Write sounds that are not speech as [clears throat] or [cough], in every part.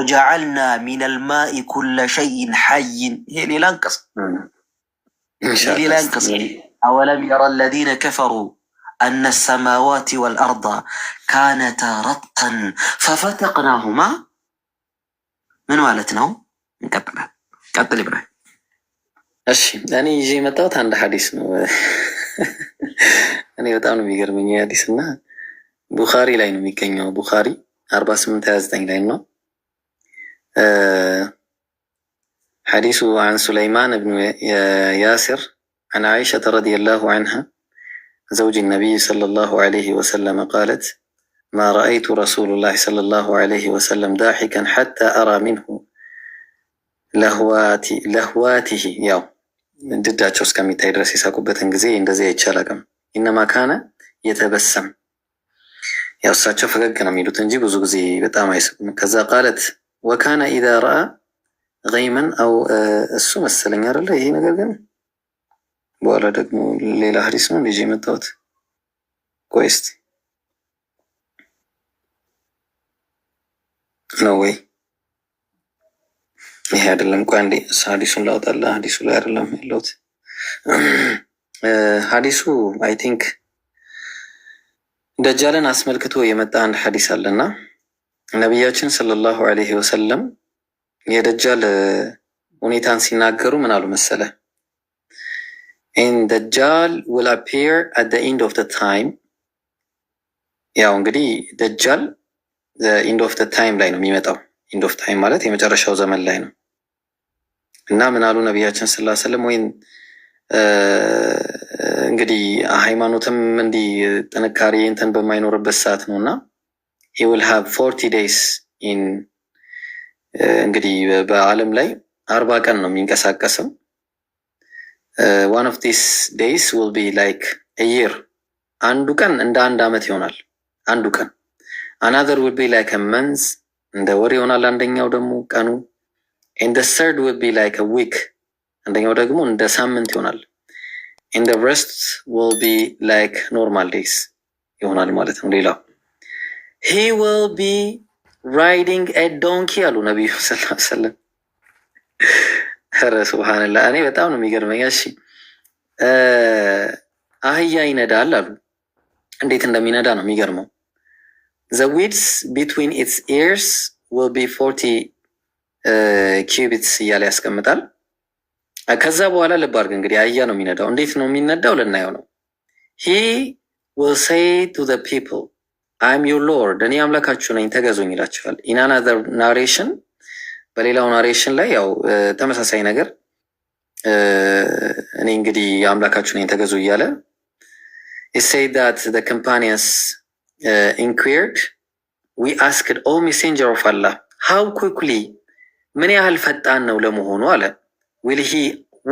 وجعلنا من الماء كل شيء حي هي اللي لانقص هي اللي إيه. أولم يرى الذين كفروا أن السماوات والأرض كانتا رتقا ففتقناهما من والتنا نكمل قبل إبراهيم እሺ እኔ ይዤ የመጣሁት አንድ ሀዲስ ነው። እኔ በጣም ነው የሚገርመኝ ሀዲስ እና ቡኻሪ ላይ ነው የሚገኘው። ቡኻሪ አርባ ስምንት ሀያ ዘጠኝ ላይ ነው حديث عن سليمان بن ياسر عن عائشة رضي الله عنها زوج النبي صلى الله عليه وسلم قالت ما رأيت رسول الله صلى الله عليه وسلم ضاحكا حتى أرى منه ለህዋቲ ለህዋቲሂ ያው ድዳቸው እስከሚታይ ድረስ የሳቁበትን ጊዜ እንደዚያ አይቻላቅም። ኢነማ ካነ የተበሰም ያው እሳቸው ፈገግ ነው የሚሉት እንጂ ብዙ ጊዜ በጣም አይስቁም። ከዛ ቃለት ወካነ ኢዛ ረአ ገይመን አው እሱ መሰለኝ አይደለ ይሄ ነገር ግን በኋላ ደግሞ ሌላ ሀዲስ ነው ልጅ የመጣሁት። ቆይ እስቲ ነው ወይ ይሄ አይደለም። ቆይ አንዴ ሀዲሱን ላውጣለ። ሀዲሱ ላይ አይደለም ያለሁት። ሀዲሱ አይ ቲንክ ደጃልን አስመልክቶ የመጣ አንድ ሀዲስ አለና ነቢያችን ሰለላሁ ዐለይሂ ወሰለም የደጃል ሁኔታን ሲናገሩ ምን አሉ መሰለ? ኢን ደጃል ዊል አፒር አት ደ ኢንድ ኦፍ ደ ታይም። ያው እንግዲህ ደጃል ኢንድ ኦፍ ደ ታይም ላይ ነው የሚመጣው። ኢንድ ኦፍ ታይም ማለት የመጨረሻው ዘመን ላይ ነው እና ምን አሉ ነቢያችን ስላ ሰለም ወይም እንግዲህ ሃይማኖትም እንዲህ ጥንካሬ እንትን በማይኖርበት ሰዓት ነው እና he will have ፎርቲ days in እንግዲህ በዓለም ላይ አርባ ቀን ነው የሚንቀሳቀሰው። ዋን ኦፍ ዲስ ዴይስ ዊል ቢ ላይክ ኢየር አንዱ ቀን እንደ አንድ ዓመት ይሆናል። አንዱ ቀን አናዘር ዊል ቢ ላይክ መንዝ እንደ ወር ይሆናል። አንደኛው ደግሞ ቀኑ ኢን ደ ሰርድ ዊል ቢ ላይክ ዊክ አንደኛው ደግሞ እንደ ሳምንት ይሆናል። ኢን ደ ረስት ዊል ቢ ላይክ ኖርማል ዴይስ ይሆናል ማለት ነው ሌላው ሂ ዊል ቢ ራይዲንግ ዶንኪ አሉ ነቢዩ ስላ ሰለም። ኧረ ስብሓንላ እኔ በጣም ነው የሚገርመኝ። እሺ አህያ ይነዳል አሉ። እንዴት እንደሚነዳ ነው የሚገርመው። ዘ ዊድስ ቢትዊን ኢትስ ኤርስ ዊል ቢ ፎርቲ ኪዩቢትስ እያለ ያስቀምጣል። ከዛ በኋላ ልብ አድርግ እንግዲህ አህያ ነው የሚነዳው። እንዴት ነው የሚነዳው? ልናየው ነው ሂ ዊል ሴይ ቱ ዘ ፒፕል አይም ዩ ሎርድ እኔ አምላካችሁ ነኝ ተገዙኝ ይላችኋል። ኢናናዘር ናሬሽን በሌላው ናሬሽን ላይ ያው ተመሳሳይ ነገር እኔ እንግዲህ አምላካችሁ ነኝ ተገዙ እያለ say that the companions uh, inquired we asked o oh, messenger of Allah how ምን ያህል ፈጣን ነው ለመሆኑ አለ will he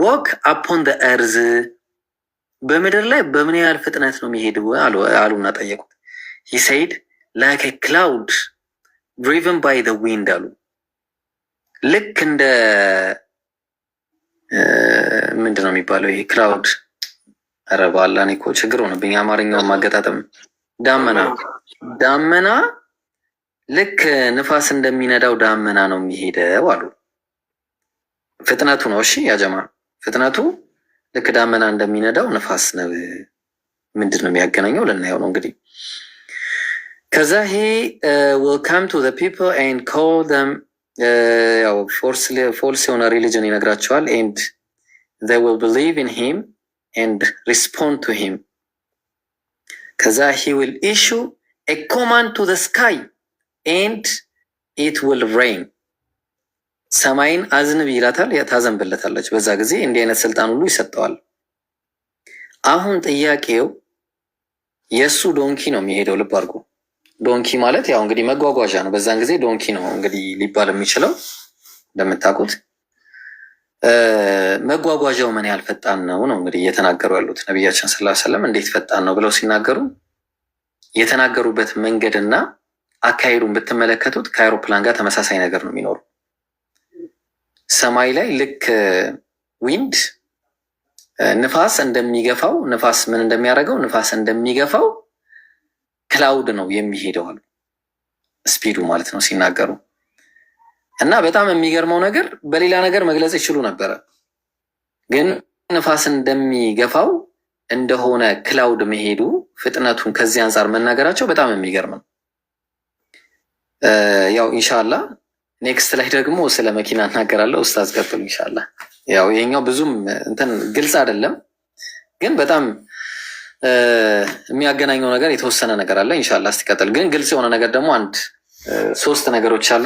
walk upon the earth በምድር ላይ በምን ያህል ፍጥነት ነው የሚሄድ አሉና ጠየቁት ሂሰይድ ላይክ ክላውድ ድሪቨን ባይ ዘ ዊንድ አሉ። ልክ እንደ ምንድን ነው የሚባለው ይሄ ክላውድ ረባላ እኔ እኮ ችግር ሆነብኝ። አማርኛውን ማገጣጠም ዳመና ዳመና ልክ ንፋስ እንደሚነዳው ዳመና ነው የሚሄደው አሉ። ፍጥነቱ ነው እሺ፣ ያጀማ ፍጥነቱ ልክ ዳመና እንደሚነዳው ንፋስ ነው። ምንድን ነው የሚያገናኘው? ልናየው ነው እንግዲህ ከዛ ሄ ዊል ካም ቱ ዘ ፒፕል ኤንድ ኮል ዘም ያው ፎልስ የሆነ ሪሊጅን ይነግራቸዋል። ኤንድ ዘይ ዊል ብሊቭ ኢን ሂም ኤንድ ሪስፖንድ ቱ ሂም። ከዛ ሂ ዊል ኢሹ ኤ ኮማንድ ቱ ዘ ስካይ ኤንድ ኢት ዊል ሬይን። ሰማይን አዝንብ ይላታል፣ ታዘንብለታለች። በዛ ጊዜ እንዲህ አይነት ስልጣን ሁሉ ይሰጠዋል። አሁን ጥያቄው የእሱ ዶንኪ ነው የሚሄደው። ልብ አድርጎ ዶንኪ ማለት ያው እንግዲህ መጓጓዣ ነው። በዛን ጊዜ ዶንኪ ነው እንግዲህ ሊባል የሚችለው እንደምታውቁት መጓጓዣው ምን ያህል ፈጣን ነው ነው እንግዲህ እየተናገሩ ያሉት ነቢያችን ስላ ሰለም እንዴት ፈጣን ነው ብለው ሲናገሩ የተናገሩበት መንገድና አካሄዱን ብትመለከቱት ከአይሮፕላን ጋር ተመሳሳይ ነገር ነው የሚኖሩ ሰማይ ላይ ልክ ዊንድ ንፋስ እንደሚገፋው ንፋስ ምን እንደሚያደርገው ንፋስ እንደሚገፋው ክላውድ ነው የሚሄደው አሉ ስፒዱ ማለት ነው ሲናገሩ እና በጣም የሚገርመው ነገር በሌላ ነገር መግለጽ ይችሉ ነበረ፣ ግን ንፋስ እንደሚገፋው እንደሆነ ክላውድ መሄዱ ፍጥነቱን ከዚህ አንጻር መናገራቸው በጣም የሚገርም ነው። ያው ኢንሻላ ኔክስት ላይ ደግሞ ስለ መኪና እናገራለሁ። ኡስታዝ ቀጥሉ ኢንሻላ። ያው ይሄኛው ብዙም እንትን ግልጽ አይደለም፣ ግን በጣም የሚያገናኘው ነገር የተወሰነ ነገር አለ። እንሻላ ስትቀጥል ግን ግልጽ የሆነ ነገር ደግሞ አንድ ሶስት ነገሮች አሉ።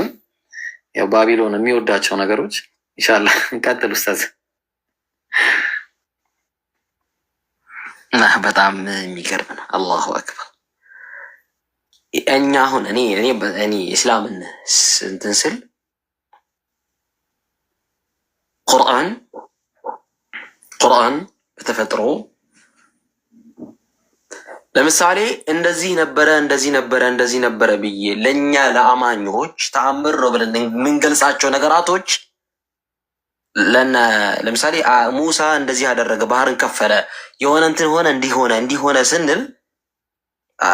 ያው ባቢሎን የሚወዳቸው ነገሮች እንሻላ እንቀጥል። [laughs] ኡስታዝ በጣም የሚገርም ነው። አላሁ አክበር። እኛ አሁን እኔ እኔ እስላምን እንትን ስል ቁርአን ቁርአን በተፈጥሮ ለምሳሌ እንደዚህ ነበረ እንደዚህ ነበረ እንደዚህ ነበረ ብዬ ለእኛ ለአማኞች ተአምር ነው ብለን የምንገልጻቸው ነገራቶች ለምሳሌ ሙሳ እንደዚህ አደረገ፣ ባህርን ከፈለ፣ የሆነ እንትን ሆነ፣ እንዲሆነ እንዲሆነ ስንል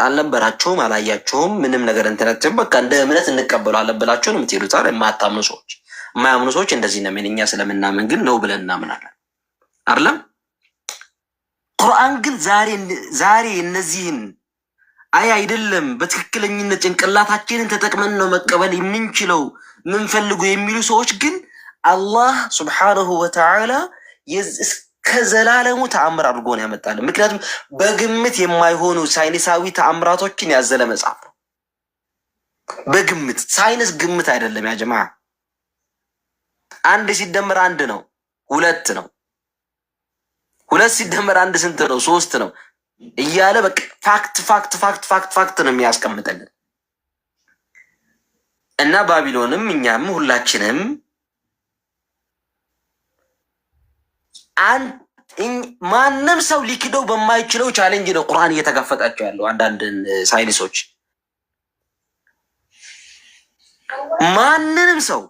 አልነበራችሁም፣ አላያችሁም፣ ምንም ነገር እንትነትም በቃ እንደ እምነት እንቀበለዋለን ብላችሁን የምትሄዱታል። የማታምኑ ሰዎች የማያምኑ ሰዎች እንደዚህ ነው። እኛ ስለምናምን ግን ነው ብለን እናምናለን አይደለም ቁርአን ግን ዛሬ እነዚህን አይ አይደለም በትክክለኝነት ጭንቅላታችንን ተጠቅመን ነው መቀበል የምንችለው የምንፈልጉ የሚሉ ሰዎች ግን አላህ ሱብሓነሁ ወተዓላ ከዘላለሙ ተአምር አድርጎ ነው ያመጣልን። ምክንያቱም በግምት የማይሆኑ ሳይንሳዊ ተአምራቶችን ያዘለ መጽሐፍ ነው። በግምት ሳይንስ ግምት አይደለም። ያ ጀማ አንድ ሲደመር አንድ ነው፣ ሁለት ነው። ሁለት ሲደመር አንድ ስንት ነው? ሶስት ነው እያለ በቃ ፋክት ፋክት ፋክት ፋክት ፋክት ነው የሚያስቀምጠልን እና ባቢሎንም እኛም ሁላችንም ማንም ሰው ሊክደው በማይችለው ቻሌንጅ ነው ቁርአን እየተጋፈጣቸው ያለው። አንዳንድ ሳይንሶች ማንንም ሰው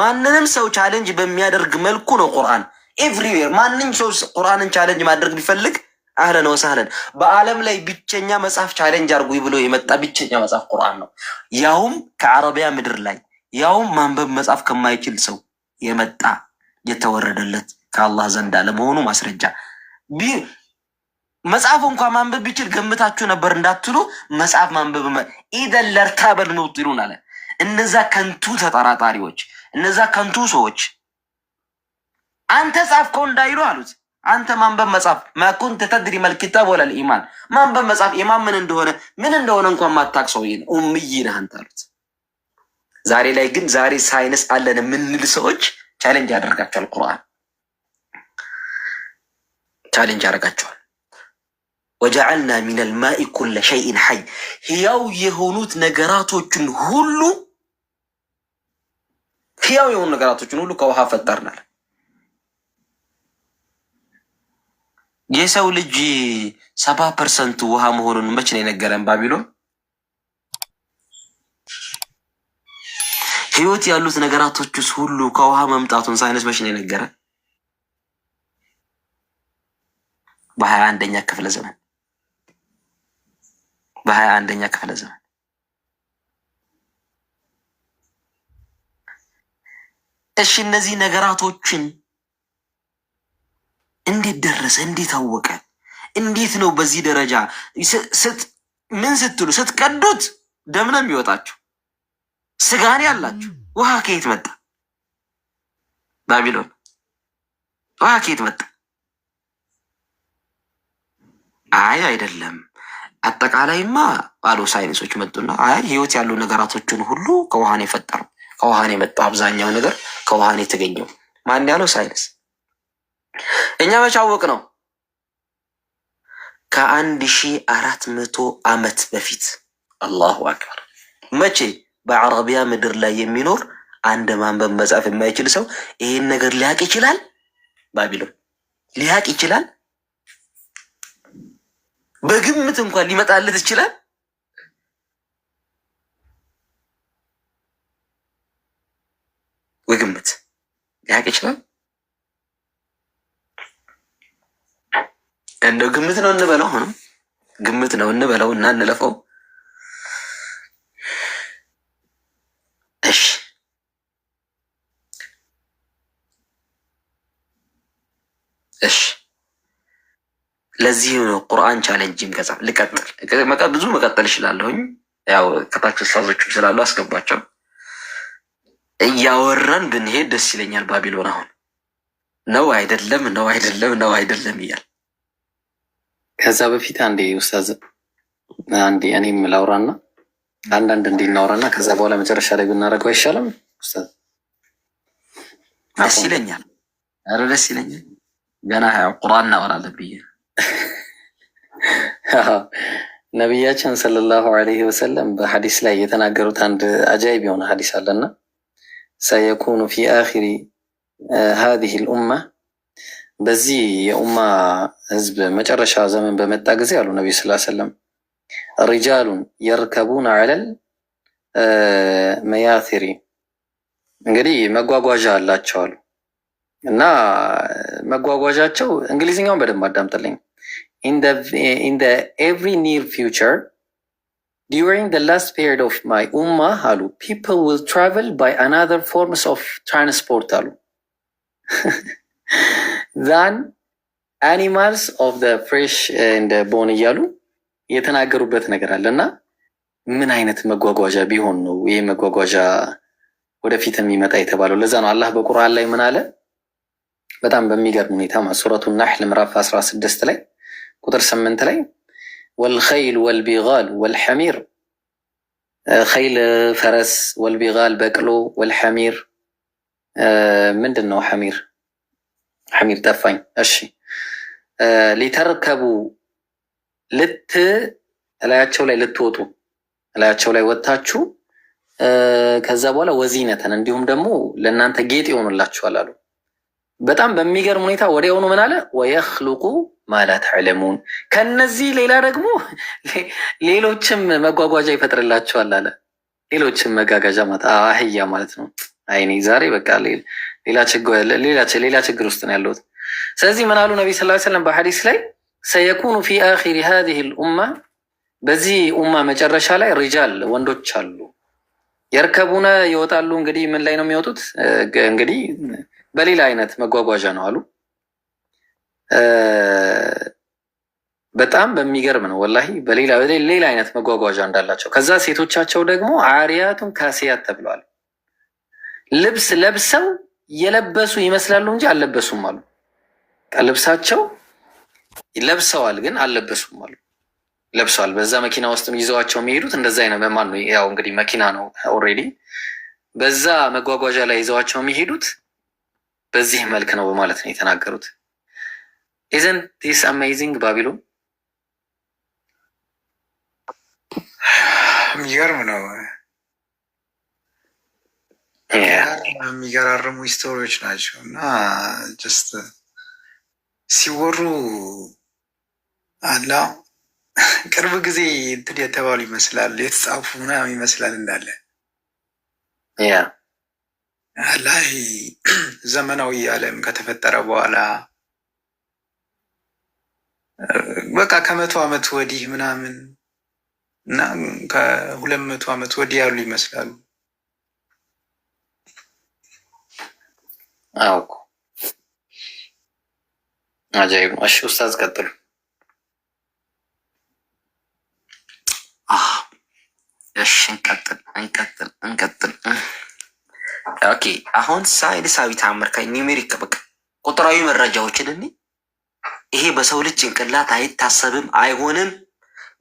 ማንንም ሰው ቻሌንጅ በሚያደርግ መልኩ ነው ቁርአን ኤቭሪዌር ማንም ሰው ቁርአንን ቻለንጅ ማድረግ ቢፈልግ አህለን ወሳህለን። በዓለም ላይ ብቸኛ መጽሐፍ ቻለንጅ አድርጉ ብሎ የመጣ ብቸኛ መጽሐፍ ቁርአን ነው። ያውም ከአረቢያ ምድር ላይ ያውም ማንበብ መጽሐፍ ከማይችል ሰው የመጣ የተወረደለት ከአላህ ዘንድ አለመሆኑ ማስረጃ መጽሐፍ እንኳ ማንበብ ቢችል ገምታችሁ ነበር እንዳትሉ፣ መጽሐፍ ማንበብ ኢደን ለርታበል ሙብጢሉን አለ። እነዛ ከንቱ ተጠራጣሪዎች፣ እነዛ ከንቱ ሰዎች አንተ ጻፍከው እንዳይሉ አሉት። አንተ ማንበብ መጻፍ ማኩን ተተድሪ መልክታብ ወለል ኢማን ማንበብ መጻፍ ኢማን ምን እንደሆነ ምን እንደሆነ እንኳን ማታቅሰው ሰውዬ ነው ኡምይ ነህ አንተ አሉት። ዛሬ ላይ ግን ዛሬ ሳይንስ አለን የምንል ሰዎች ቻሌንጅ ያደርጋቸዋል። ቁርአን ቻሌንጅ ያደርጋቸዋል። ወጀዐልና ሚነል ማኢ ኩለ ሸይን ሐይ ህያው የሆኑት ነገራቶችን ሁሉ ህያው የሆኑ ነገራቶችን ሁሉ ከውሃ ፈጠርናል። የሰው ልጅ ሰባ ፐርሰንቱ ውሃ መሆኑን መች ነው የነገረን? ባቢሎን ህይወት ያሉት ነገራቶች ውስጥ ሁሉ ከውሃ መምጣቱን ሳይንስ መች ነው የነገረን? በሀያ አንደኛ ክፍለ ዘመን በሀያ አንደኛ ክፍለ ዘመን እሺ እነዚህ ነገራቶችን እንዴት ደረሰ? እንዴት አወቀ? እንዴት ነው በዚህ ደረጃ? ምን ስትሉ ስትቀዱት ደም ነው የሚወጣችሁ፣ ስጋኔ ያላችሁ። ውሃ ከየት መጣ? ባቢሎን ውሃ ከየት መጣ? አይ አይደለም። አጠቃላይማ አሉ ሳይንሶች መጡና፣ አይ ህይወት ያሉ ነገራቶችን ሁሉ ከውሃን የፈጠረው ከውሃን የመጣው አብዛኛው ነገር ከውሃን የተገኘው ማን ያለው ሳይንስ እኛ መቻወቅ ነው ከአንድ ሺህ አራት መቶ ዓመት በፊት አላሁ አክበር። መቼ በአረቢያ ምድር ላይ የሚኖር አንድ ማንበብ መጻፍ የማይችል ሰው ይሄን ነገር ሊያቅ ይችላል? ባቢሎን ሊያቅ ይችላል? በግምት እንኳን ሊመጣለት ይችላል? ወይ ሊያቅ ይችላል? እንደው ግምት ነው እንበለው፣ አሁንም ግምት ነው እንበለው እና እንለፈው። እሺ እሺ፣ ለዚህ ነው ቁርአን ቻለንጅም ገዛ ልቀጥል፣ ብዙ መቀጠል እችላለሁኝ። ያው ከታች ሳዞችም ስላሉ አስገባቸው። እያወራን ብንሄድ ደስ ይለኛል። ባቢሎን አሁን ነው አይደለም፣ ነው አይደለም፣ ነው አይደለም እያል ከዛ በፊት አንዴ ውስታዝ አንዴ እኔም ላውራና አንዳንድ እንዲ እናውራና ከዛ በኋላ መጨረሻ ላይ ብናደርገው አይሻልም? ደስ ይለኛል። ኧረ ደስ ይለኛል። ገና ቁርአን እናወራለን ብዬ ነቢያችን ሰለላሁ ዐለይሂ ወሰለም በሀዲስ ላይ የተናገሩት አንድ አጃይብ የሆነ ሀዲስ አለና ሰየኩኑ ፊ አኺሪ ሀዚህ ልኡማ በዚህ የኡማ ህዝብ መጨረሻ ዘመን በመጣ ጊዜ አሉ ነቢ ስላ ሰለም ሪጃሉን የርከቡን አለል መያትሪ እንግዲህ መጓጓዣ አላቸው አሉ እና መጓጓዣቸው እንግሊዝኛውን በደንብ አዳምጥልኝ። ኢን ኤቭሪ ኒር ፊውቸር ዲሪንግ ላስት ፔሪድ ኦፍ ማይ ኡማ አሉ ፒፕል ዊል ትራቨል ባይ አናዘር ፎርምስ ኦፍ ትራንስፖርት አሉ [laughs] ዛን አኒማልስ ኦፍ ፍሬሽ እንደ ቦን እያሉ የተናገሩበት ነገር አለ እና ምን አይነት መጓጓዣ ቢሆን ነው ይህ መጓጓዣ ወደፊት የሚመጣ የተባለው? ለዛ ነው አላህ በቁርአን ላይ ምን አለ? በጣም በሚገርም ሁኔታ ሱረቱ ናሕል ምዕራፍ 16 ላይ ቁጥር 8 ላይ ወልኸይል ወልቢጋል ወልሐሚር ኸይል ፈረስ፣ ወልቢጋል በቅሎ፣ ወልሐሚር ምንድን ነው ሐሚር ሐሚር ጠፋኝ። እሺ ሊተርከቡ ልት እላያቸው ላይ ልትወጡ እላያቸው ላይ ወጥታችሁ ከዛ በኋላ ወዚነተን እንዲሁም ደግሞ ለእናንተ ጌጥ ይሆኑላችኋል አሉ። በጣም በሚገርም ሁኔታ ወዲያውኑ ምን አለ? ወየኽሉቁ ማላ ተዕለሙን። ከነዚህ ሌላ ደግሞ ሌሎችም መጓጓዣ ይፈጥርላችኋል አለ። ሌሎችም መጋጋዣ ማለት አህያ ማለት ነው። አይኔ ዛሬ በቃ ሌላ ሌላ ችግር ውስጥ ነው ያለሁት። ስለዚህ ምን አሉ ነቢ ስላ ስለም በሐዲስ ላይ ሰየኩኑ ፊ አኺሪ ሃዚህ ልኡማ በዚህ ኡማ መጨረሻ ላይ ሪጃል ወንዶች አሉ። የርከቡነ ይወጣሉ። እንግዲህ ምን ላይ ነው የሚወጡት? እንግዲህ በሌላ አይነት መጓጓዣ ነው አሉ። በጣም በሚገርም ነው ወላሂ። በሌላ ሌላ አይነት መጓጓዣ እንዳላቸው ከዛ ሴቶቻቸው ደግሞ አሪያቱን ካሲያት ተብለዋል። ልብስ ለብሰው የለበሱ ይመስላሉ እንጂ አልለበሱም አሉ። ልብሳቸው ለብሰዋል ግን አልለበሱም አሉ። ለብሰዋል በዛ መኪና ውስጥ ይዘዋቸው የሚሄዱት እንደዛ አይነት ማን ነው? ያው እንግዲህ መኪና ነው ኦልሬዲ። በዛ መጓጓዣ ላይ ይዘዋቸው የሚሄዱት በዚህ መልክ ነው በማለት ነው የተናገሩት። ኢዘን ዲስ አሜዚንግ ባቢሎን የሚገርም ነው። የሚገራርሙ ስቶሪዎች ናቸው እና ጀስት uh, ሲወሩ አላ [laughs] ቅርብ ጊዜ እንትን የተባሉ ይመስላል የተጻፉ ምናምን ይመስላል እንዳለ ላይ [clears throat] ዘመናዊ ዓለም ከተፈጠረ በኋላ uh, በቃ ከመቶ ዓመት ወዲህ ምናምን እና ከሁለት መቶ ዓመት ወዲህ ያሉ ይመስላሉ። አዎ እኮ አጃይብ ነው። እሺ ኡስታዝ ቀጥሉ። እሺ እንቀጥል እንቀጥል እንቀጥል። ኦኬ አሁን ሳይንሳዊ ተአምር ከኒውሜሪክ በቃ ቁጥራዊ መረጃዎችን እኔ ይሄ በሰው ልጅ ጭንቅላት አይታሰብም፣ አይሆንም፣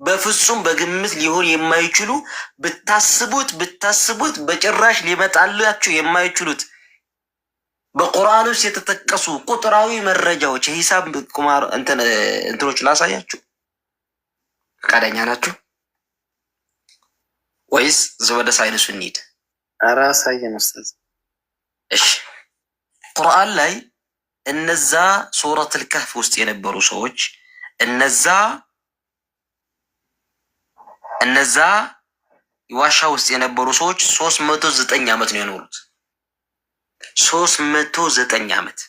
በፍጹም በግምት ሊሆን የማይችሉ ብታስቡት ብታስቡት በጭራሽ ሊመጣላችሁ የማይችሉት በቁርአን ውስጥ የተጠቀሱ ቁጥራዊ መረጃዎች የሂሳብ ቁማር እንትኖች ላሳያችሁ። ፈቃደኛ ናችሁ ወይስ ወደ ሳይንሱ እንሂድ? ኧረ አሳየን ኡስታዝ። እሺ ቁርአን ላይ እነዛ ሱረት ከህፍ ውስጥ የነበሩ ሰዎች እነዛ እነዛ ዋሻ ውስጥ የነበሩ ሰዎች ሶስት መቶ ዘጠኝ ዓመት ነው የኖሩት። ሶስት መቶ ዘጠኝ ዓመት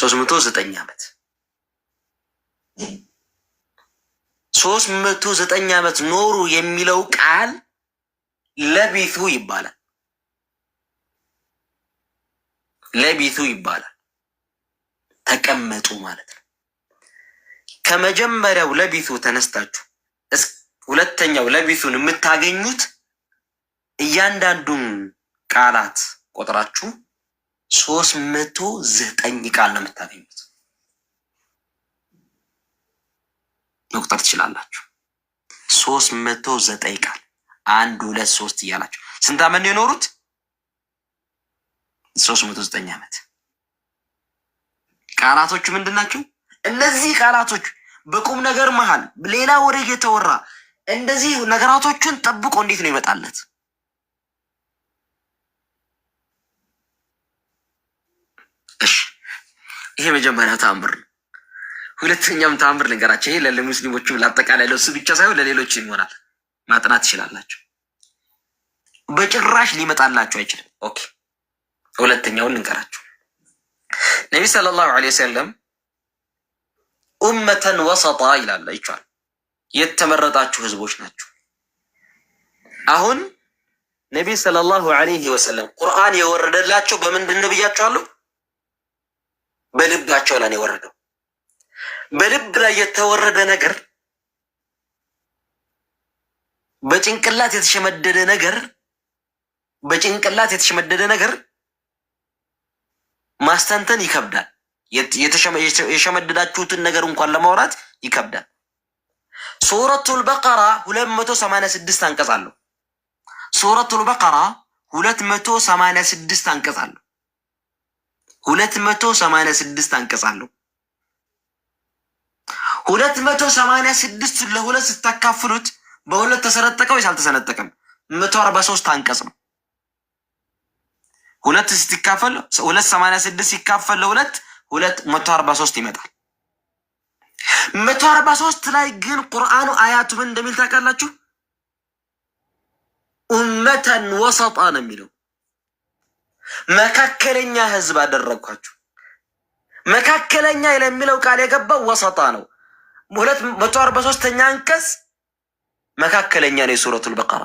ሶስት መቶ ዘጠኝ ዓመት ሶስት መቶ ዘጠኝ ዓመት ኖሩ የሚለው ቃል ለቢቱ ይባላል። ለቢቱ ይባላል። ተቀመጡ ማለት ነው። ከመጀመሪያው ለቢቱ ተነስታችሁ ሁለተኛው ለቢቱን የምታገኙት እያንዳንዱን ቃላት ቆጥራችሁ ሶስት መቶ ዘጠኝ ቃል ነው የምታገኙት። መቁጠር ትችላላችሁ። ሶስት መቶ ዘጠኝ ቃል አንድ ሁለት ሶስት እያላችሁ ስንት ዓመት ነው የኖሩት? ሶስት መቶ ዘጠኝ ዓመት። ቃላቶቹ ምንድን ናቸው? እነዚህ ቃላቶች በቁም ነገር መሀል ሌላ ወሬ እየተወራ እንደዚህ ነገራቶቹን ጠብቆ እንዴት ነው ይመጣለት? እሺ፣ ይሄ መጀመሪያው ተአምር ነው። ሁለተኛም ታምር ልንገራቸው ይሄ ለሙስሊሞቹም ለአጠቃላይ ለሱ ብቻ ሳይሆን ለሌሎች ይሆናል። ማጥናት ትችላላችሁ። በጭራሽ ሊመጣላችሁ አይችልም። ኦኬ፣ ሁለተኛውን ልንገራችሁ። ነቢ ሰለላሁ ዐለይሂ ወሰለም ኡመተን ወሰጣ ይላል ይቻል የተመረጣችሁ ህዝቦች ናቸው። አሁን ነቢ ሰለላሁ ዐለይሂ ወሰለም ቁርአን የወረደላቸው በምንድን ነው ብያቸዋለሁ? በልባቸው ላይ ነው የወረደው። በልብ ላይ የተወረደ ነገር፣ በጭንቅላት የተሸመደደ ነገር፣ በጭንቅላት የተሸመደደ ነገር ማስተንተን ይከብዳል። የሸመደዳችሁትን ነገር እንኳን ለማውራት ይከብዳል። ሱረቱል በቀራ 286 አንቀጽ አለው። ሱረቱል በቀራ ሁለት አንቀጽ አለው። ሁለት መቶ ሰማንያ ስድስት አንቀጽ አለው። ሁለት መቶ ሰማንያ ስድስት ለሁለት ስታካፍሉት በሁለት ተሰነጠቀ ወይስ አልተሰነጠቀም? መቶ አርባ ሶስት አንቀጽ ነው። ሁለት ስትካፈል ሁለት ሰማንያ ስድስት ሲካፈል ለሁለት ሁለት መቶ አርባ ሶስት ይመጣል። መቶ አርባ ሶስት ላይ ግን ቁርአኑ አያቱ ምን እንደሚል ታውቃላችሁ? ኡመተን ወሰጣ ነው የሚለው መካከለኛ ህዝብ አደረግኳችሁ። መካከለኛ ለሚለው ቃል የገባው ወሰጣ ነው። ሁለት መቶ አርባ ሶስተኛ አንቀጽ መካከለኛ ነው። የሱረቱል በቀራ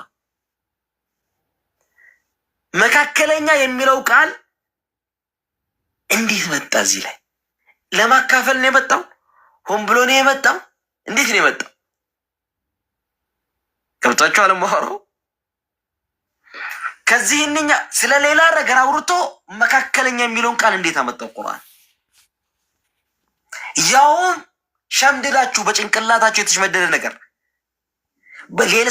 መካከለኛ የሚለው ቃል እንዴት መጣ? እዚህ ላይ ለማካፈል ነው የመጣው? ሆን ብሎ ነው የመጣው? እንዴት ነው የመጣው? ገብቷችኋል? ከዚህ እነኛ ስለ ሌላ ነገር አውርቶ መካከለኛ የሚለውን ቃል እንዴት አመጣው ቁርአን? ያውም ሸምድዳችሁ በጭንቅላታችሁ የተሽመደደ ነገር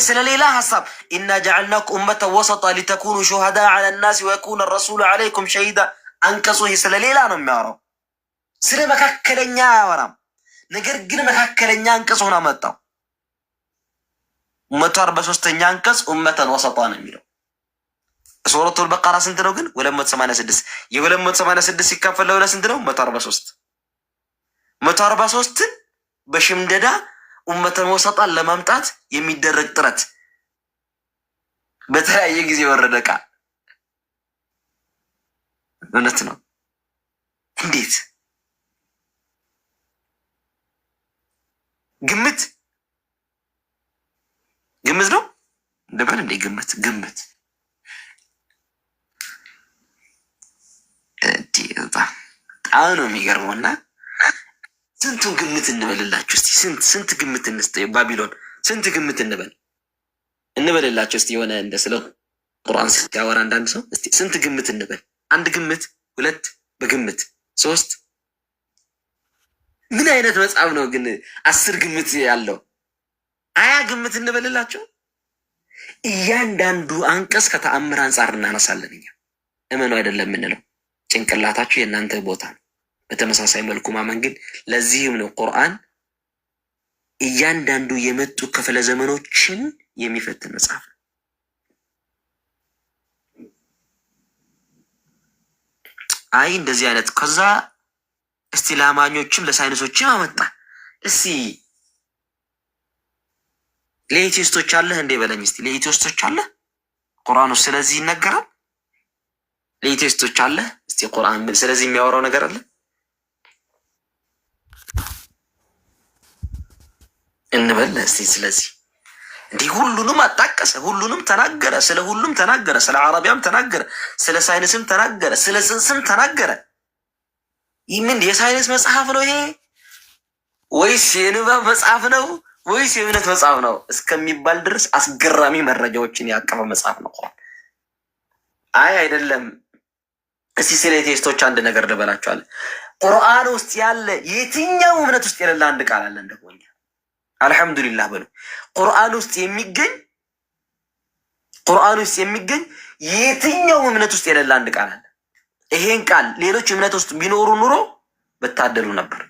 ስለ ሌላ ሀሳብ ኢና ጀዐልናኩ ኡመተ ወሰጣ ሊተኩኑ ሹሃዳ ዐለ ናስ ወየኩነ ረሱሉ ዐለይኩም ሸሂዳ አንቀጹ ይሄ ስለ ሌላ ነው የሚያወራው፣ ስለ መካከለኛ አያወራም። ነገር ግን መካከለኛ አንቀጽ ሆኖ አመጣው። መቶ አርባ ሶስተኛ አንቀጽ ኡመተን ወሰጣ ነው የሚለው ሱረቱል በቃራ ስንት ነው ግን? 286 የ286 ሲካፈል ለሁለት ስንት ነው? 143 143 በሽምደዳ ኡመተን ወሰጣን ለማምጣት የሚደረግ ጥረት በተለያየ ጊዜ የወረደ ቃል እውነት ነው። እንዴት ግምት ግምት ነው እንደምን እንደ ግምት ግምት በጣም ነው የሚገርመው። እና ስንቱን ግምት እንበልላችሁ እስቲ፣ ስንት ግምት እንስጥ፣ ባቢሎን ስንት ግምት እንበል እንበልላችሁ እስቲ። የሆነ እንደ ስለ ቁርአን ሲያወራ አንዳንድ ሰው ስንት ግምት እንበል፣ አንድ ግምት፣ ሁለት በግምት ሶስት። ምን አይነት መጽሐፍ ነው ግን አስር ግምት ያለው? ሀያ ግምት እንበልላቸው። እያንዳንዱ አንቀጽ ከተአምር አንጻር እናነሳለን። እኛ እመኑ አይደለም የምንለው ጭንቅላታችሁ የእናንተ ቦታ ነው። በተመሳሳይ መልኩ ማመን ግን ለዚህም ነው ቁርአን እያንዳንዱ የመጡ ክፍለ ዘመኖችን የሚፈትን መጽሐፍ ነው። አይ እንደዚህ አይነት ከዛ እስቲ ለአማኞችም ለሳይንሶችም አመጣ። እስቲ ለኢትዮስቶች አለህ እንዴ በለኝ። እስቲ ለኢትዮስቶች አለህ ቁርአኑ ስለዚህ ይነገራል ለኢቴስቶች አለ እስቲ ቁርአን ስለዚህ የሚያወራው ነገር አለ እንበል እስቲ። ስለዚህ እንዲህ ሁሉንም አጣቀሰ፣ ሁሉንም ተናገረ፣ ስለ ሁሉም ተናገረ፣ ስለ አረቢያም ተናገረ፣ ስለ ሳይንስም ተናገረ፣ ስለ ጽንስም ተናገረ። ምን የሳይንስ መጽሐፍ ነው ይሄ ወይስ የንባብ መጽሐፍ ነው ወይስ የእምነት መጽሐፍ ነው እስከሚባል ድረስ አስገራሚ መረጃዎችን ያቀፈ መጽሐፍ ነው አይ አይደለም እስቲ ስለ ቴስቶች አንድ ነገር ልበላቸዋለን። ቁርአን ውስጥ ያለ የትኛው እምነት ውስጥ የሌለ አንድ ቃል አለ እንደ አልሐምዱሊላህ በሉ። ቁርአን ውስጥ የሚገኝ ቁርአን ውስጥ የሚገኝ የትኛው እምነት ውስጥ የሌለ አንድ ቃል አለ። ይሄን ቃል ሌሎች እምነት ውስጥ ቢኖሩ ኑሮ በታደሉ ነበር።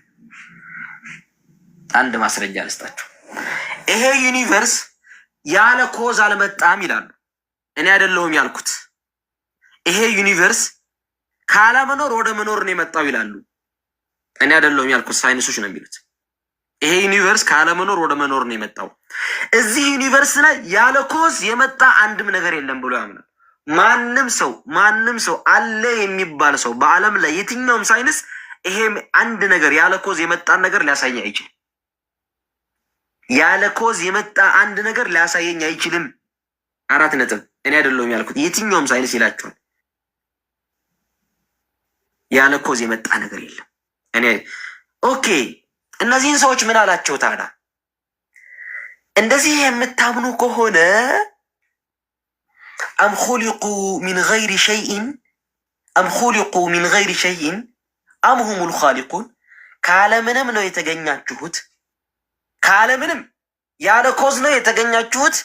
አንድ ማስረጃ ልስጣችሁ። ይሄ ዩኒቨርስ ያለ ኮዝ አልመጣም ይላሉ። እኔ አይደለሁም ያልኩት ይሄ ዩኒቨርስ ካለመኖር ወደ መኖር ነው የመጣው ይላሉ። እኔ አይደለሁም ያልኩት፣ ሳይንሶች ነው የሚሉት። ይሄ ዩኒቨርስ ካለመኖር ወደ መኖር ነው የመጣው። እዚህ ዩኒቨርስ ላይ ያለ ኮዝ የመጣ አንድም ነገር የለም ብሎ ያምናል። ማንም ሰው ማንም ሰው አለ የሚባል ሰው በዓለም ላይ የትኛውም ሳይንስ ይሄም አንድ ነገር ያለ ኮዝ የመጣን ነገር ሊያሳይ አይችልም። ያለ ኮዝ የመጣ አንድ ነገር ሊያሳየኝ አይችልም። አራት ነጥብ። እኔ አይደለሁም ያልኩት የትኛውም ሳይንስ ይላችኋል። ያለ ኮዝ የመጣ ነገር የለም። እኔ ኦኬ፣ እነዚህን ሰዎች ምን አላቸው ታዲያ? እንደዚህ የምታምኑ ከሆነ አም ኹሊቁ ሚን ገይሪ ሸይኢን አም ኹሊቁ ሚን ገይሪ ሸይኢን አም ሁሙል ኻሊቁን ካለምንም ነው የተገኛችሁት፣ ካለምንም ያለ ኮዝ ነው የተገኛችሁት።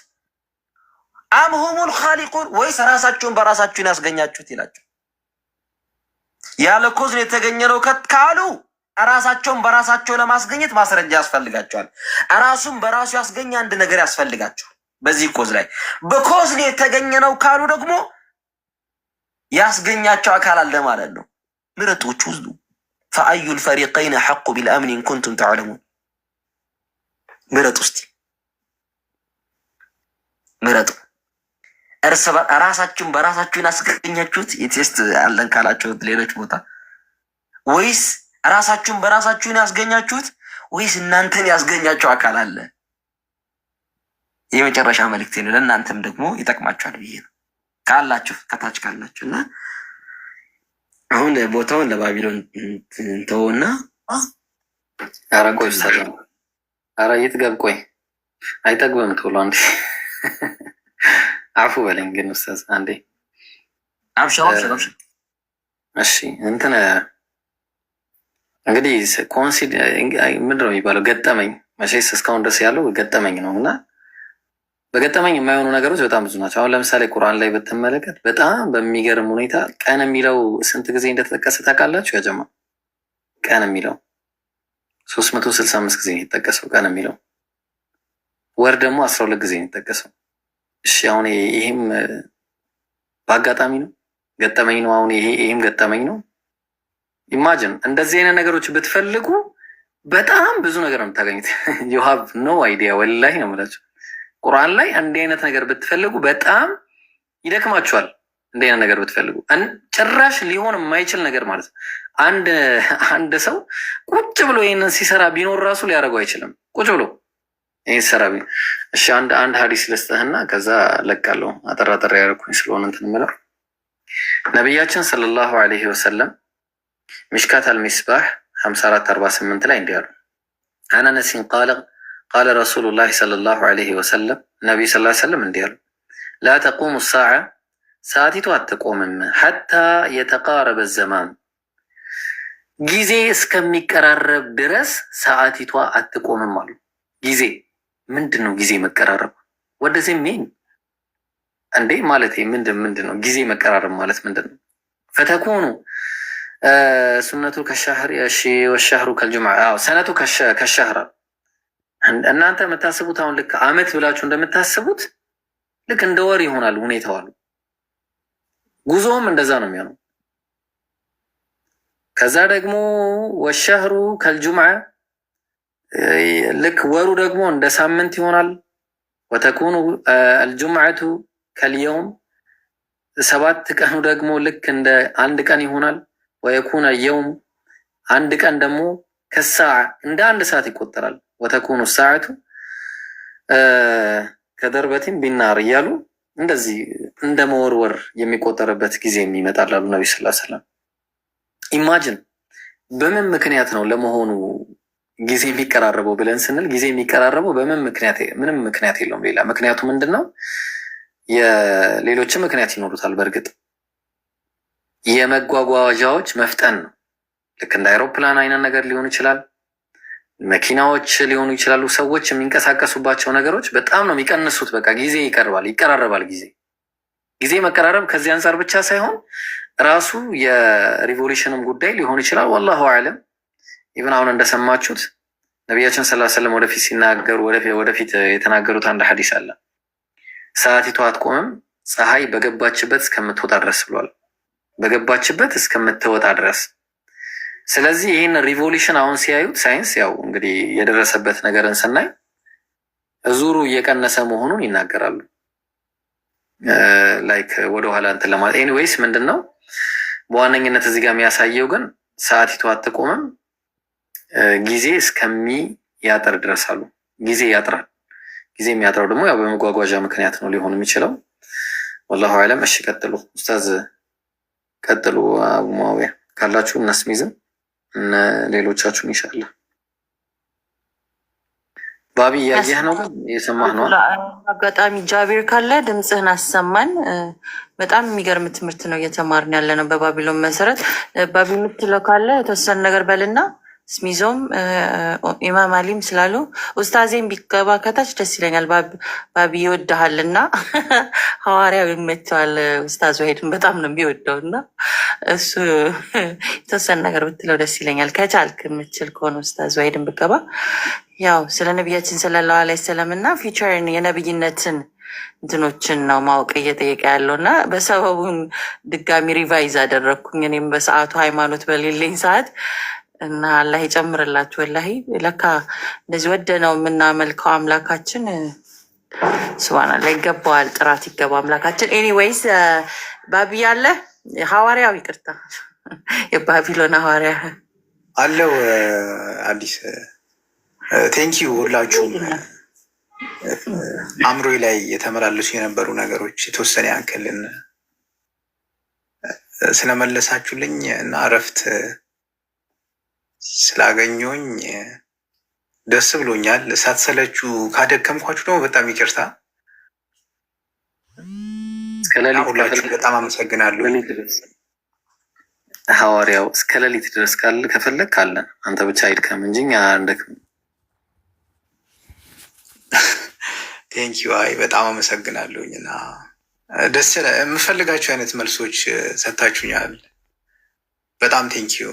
አም ሁሙል ኻሊቁን ወይስ ራሳችሁን በራሳችሁን ያስገኛችሁት ይላቸው ያለ ኮዝ ነው የተገኘ ነው ካሉ ራሳቸውን በራሳቸው ለማስገኘት ማስረጃ ያስፈልጋቸዋል። ራሱን በራሱ ያስገኘ አንድ ነገር ያስፈልጋቸዋል። በዚህ ኮዝ ላይ በኮዝ ነው የተገኘ ነው ካሉ ደግሞ ያስገኛቸው አካል አለ ማለት ነው። ምረጦች ውስዱ ፈአዩ ልፈሪቀይን ሐቁ ቢልአምን ኢንኩንቱም ተዕለሙን ምረጥ ውስጥ ምረጡ እርስ ራሳችሁን በራሳችሁን አስገኛችሁት የቴስት አለን ካላችሁት ሌሎች ቦታ ወይስ ራሳችሁን በራሳችሁን ያስገኛችሁት ወይስ እናንተን ያስገኛቸው አካል አለ? የመጨረሻ መልእክቴ ነው። ለእናንተም ደግሞ ይጠቅማችኋል ብዬ ነው። ካላችሁ ከታች ካላችሁ እና አሁን ቦታውን ለባቢሎን እንተወውና ኧረ ቆይ፣ ኧረ የት ገብ ቆይ፣ አይጠግብም ቶሎ አንድ አፉ በለኝ ግን ኡስታዝ አንዴ አብሽር እሺ እንትን እንግዲህ ኮንሲድ ምንድን ነው የሚባለው? ገጠመኝ መቼስ እስካሁን ድረስ ያለው ገጠመኝ ነው እና በገጠመኝ የማይሆኑ ነገሮች በጣም ብዙ ናቸው። አሁን ለምሳሌ ቁርአን ላይ ብትመለከት በጣም በሚገርም ሁኔታ ቀን የሚለው ስንት ጊዜ እንደተጠቀሰ ታውቃላችሁ? ያጀማ ቀን የሚለው ሶስት መቶ ስልሳ አምስት ጊዜ ነው የተጠቀሰው ቀን የሚለው ወር ደግሞ አስራ ሁለት ጊዜ ነው የተጠቀሰው። እሺ አሁን ይሄም በአጋጣሚ ነው ገጠመኝ ነው። አሁን ይሄ ይሄም ገጠመኝ ነው። ኢማጅን እንደዚህ አይነት ነገሮች ብትፈልጉ በጣም ብዙ ነገር ነው የምታገኙት። ዩ ሃቭ ኖ አይዲያ ወላሂ ነው የምላቸው። ቁርአን ላይ እንዲህ አይነት ነገር ብትፈልጉ በጣም ይደክማችኋል። እንዲህ አይነት ነገር ብትፈልጉ ጭራሽ ሊሆን የማይችል ነገር ማለት ነው። አንድ አንድ ሰው ቁጭ ብሎ ይህንን ሲሰራ ቢኖር ራሱ ሊያደርገው አይችልም ቁጭ ብሎ ይህ ሰራቢ እሺ፣ አንድ አንድ ሀዲስ ልስጥህና ከዛ ለቃለው አጠራ ጠራ ያደረኩኝ ስለሆነ እንትን ምለው ነቢያችን ሰለላሁ አለይሂ ወሰለም ምሽካት አልሚስባህ ሀምሳ አራት አርባ ስምንት ላይ እንዲያሉ አናነሲን አን አነሲን ቃለ ቃለ ረሱሉላህ ሰለላሁ አለይሂ ወሰለም ነቢዩ ስ ሰለም እንዲያሉ ላ ተቁሙ ሳዓ ሰዓቲቱ አትቆምም ሐታ የተቃረበ ዘማን ጊዜ እስከሚቀራረብ ድረስ ሰዓቲቷ አትቆምም አሉ ጊዜ ምንድን ነው ጊዜ መቀራረብ? ወደዚህ ሜን እንዴ ማለት ምንድን ምንድን ነው ጊዜ መቀራረብ ማለት ምንድን ነው? ፈተኮኑ ሱነቱ ከሻህር ወሻህሩ ከልጅምዓ ሰነቱ ከሻህር እናንተ የምታስቡት አሁን ልክ አመት ብላችሁ እንደምታስቡት ልክ እንደ ወር ይሆናል ሁኔታው አሉ። ጉዞውም እንደዛ ነው የሚሆነው። ከዛ ደግሞ ወሻህሩ ከልጅማ ልክ ወሩ ደግሞ እንደ ሳምንት ይሆናል። ወተኩኑ አልጁምዓቱ ከልየውም ሰባት ቀኑ ደግሞ ልክ እንደ አንድ ቀን ይሆናል። ወየኩነ የውም አንድ ቀን ደግሞ ከሰዓ እንደ አንድ ሰዓት ይቆጠራል። ወተኩኑ ሰዓቱ ከደርበቲም ቢናር እያሉ እንደዚህ እንደ መወርወር የሚቆጠርበት ጊዜ የሚመጣል አሉ ነቢ ስላ ሰለም። ኢማጅን በምን ምክንያት ነው ለመሆኑ ጊዜ የሚቀራረበው ብለን ስንል ጊዜ የሚቀራረበው በምን ምክንያት ምንም ምክንያት የለውም። ሌላ ምክንያቱ ምንድን ነው? የሌሎችም ምክንያት ይኖሩታል። በእርግጥ የመጓጓዣዎች መፍጠን ነው። ልክ እንደ አይሮፕላን አይነት ነገር ሊሆን ይችላል። መኪናዎች ሊሆኑ ይችላሉ። ሰዎች የሚንቀሳቀሱባቸው ነገሮች በጣም ነው የሚቀንሱት። በቃ ጊዜ ይቀርባል፣ ይቀራረባል። ጊዜ ጊዜ መቀራረብ ከዚህ አንጻር ብቻ ሳይሆን ራሱ የሪቮሉሽንም ጉዳይ ሊሆን ይችላል። ወላሁ አለም ኢቨን አሁን እንደሰማችሁት ነቢያችን ሰለላሁ ዐለይሂ ወደፊት ሲናገሩ ወደፊት የተናገሩት አንድ ሀዲስ አለ። ሰዓቲቱ አትቆምም ፀሐይ በገባችበት እስከምትወጣ ድረስ ብሏል። በገባችበት እስከምትወጣ ድረስ። ስለዚህ ይህን ሪቮሉሽን አሁን ሲያዩት ሳይንስ ያው እንግዲህ የደረሰበት ነገርን ስናይ ዙሩ እየቀነሰ መሆኑን ይናገራሉ። ላይክ ወደኋላ እንትን ለማለት ኤኒዌይስ ምንድን ነው በዋነኝነት እዚህ ጋር የሚያሳየው ግን ሰዓቲቱ አትቆምም ጊዜ እስከሚያጥር ድረስ አሉ። ጊዜ ያጥራል። ጊዜ የሚያጥረው ደግሞ ያው በመጓጓዣ ምክንያት ነው ሊሆን የሚችለው። ወላሁ አለም። እሺ ቀጥሉ ኡስታዝ፣ ቀጥሉ አቡ ሙአዊያ ካላችሁ እነ ስሚዝም እነ ሌሎቻችሁን ይሻላ ባቢ እያየህ ነው የሰማህ ነው። አጋጣሚ ጃቢር ካለ ድምፅህን አሰማን። በጣም የሚገርም ትምህርት ነው እየተማርን ያለ ነው በባቢሎን መሰረት። ባቢ የምትለው ካለ የተወሰነ ነገር በልና ስሚዞም ኢማም አሊም ስላሉ ኡስታዜም ቢገባ ከታች ደስ ይለኛል። ባቢ ይወድሃል እና [laughs] ሐዋርያው ይመቸዋል። ኡስታዝ ዋሂድን በጣም ነው የሚወደው እና እሱ [laughs] የተወሰነ ነገር ብትለው ደስ ይለኛል። ከቻልክ የምችል ከሆነ ኡስታዝ ዋሂድን ብገባ ያው ስለ ነቢያችን ሰለላሁ ዐለይሂ ወሰለም እና ፊቸርን የነብይነትን እንትኖችን ነው ማወቅ እየጠየቀ ያለው እና በሰበቡን ድጋሚ ሪቫይዝ አደረግኩኝ እኔም በሰዓቱ ሃይማኖት በሌለኝ ሰዓት እና አላህ ይጨምርላችሁ። ወላሂ ለካ እንደዚህ ወደ ነው የምናመልከው አምላካችን ስብሃናላ ይገባዋል። ጥራት ይገባ አምላካችን። ኤኒዌይስ ባቢ ያለ ሐዋርያው ይቅርታ፣ የባቢሎን ሐዋርያ አለው አዲስ ቴንኪዩ ሁላችሁም አእምሮ ላይ የተመላለሱ የነበሩ ነገሮች የተወሰነ ያክልን ስለመለሳችሁልኝ እና እረፍት ስላገኘኝ ደስ ብሎኛል። ሳትሰለችሁ ካደከምኳችሁ ደግሞ በጣም ይቅርታ። ሁላችሁ በጣም አመሰግናለሁ። ሐዋርያው እስከ ሌሊት ድረስ ካለ ከፈለግ ካለ አንተ ብቻ አይድከም እንጂ አንደክም። ቴንኪዩ አይ በጣም አመሰግናለሁኝ እና ደስ የምፈልጋቸው አይነት መልሶች ሰጥታችሁኛል። በጣም ቴንኪዩ